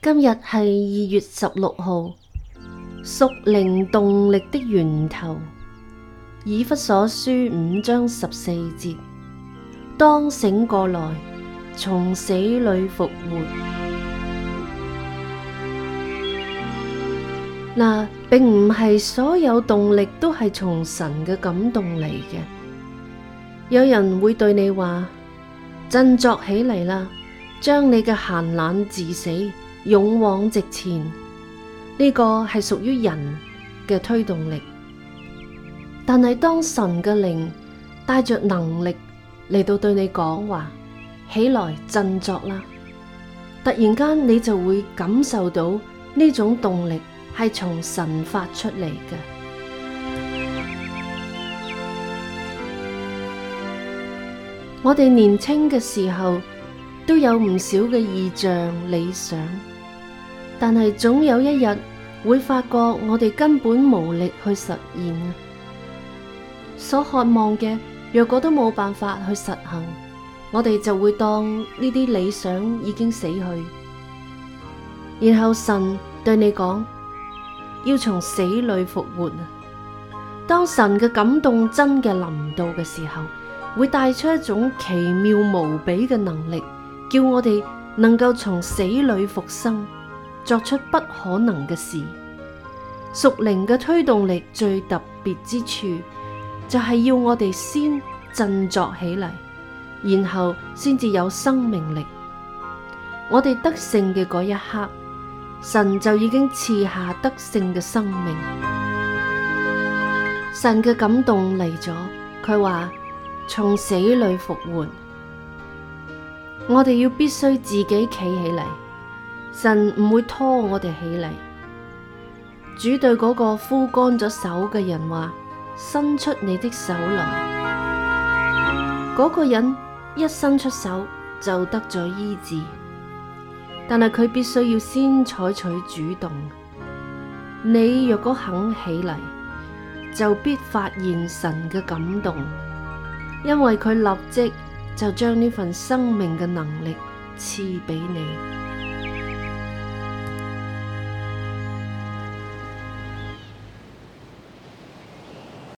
今日係二月十六號，屬靈動力的源頭，以弗所書五章十四節。當醒過來，從死裏復活。嗱，並唔係所有動力都係從神嘅感動嚟嘅。有人會對你話，振作起嚟啦，將你嘅閒懶致死。勇往直前，呢個係屬於人嘅推動力。但係當神嘅靈帶着能力嚟到對你講話，起來振作啦！突然間你就會感受到呢種動力係從神發出嚟嘅。我哋年輕嘅時候。都有唔少嘅意象理想，但係總有一日會發覺我哋根本無力去實現啊。所渴望嘅若果都冇辦法去實行，我哋就會當呢啲理想已經死去。然後神對你講，要從死裏復活啊！當神嘅感動真嘅臨到嘅時候，會帶出一種奇妙無比嘅能力。叫我哋能夠從死裏復生，作出不可能嘅事。屬靈嘅推動力最特別之處，就係要我哋先振作起嚟，然後先至有生命力。我哋得勝嘅嗰一刻，神就已經賜下得勝嘅生命。神嘅感動嚟咗，佢話從死裏復活。我哋要必須自己企起嚟，神唔會拖我哋起嚟。主對嗰個枯乾咗手嘅人話：伸出你的手來。嗰個人一伸出手就得咗醫治，但係佢必須要先採取主動。你若果肯起嚟，就必發現神嘅感動，因為佢立即。就將呢份生命嘅能力賜俾你。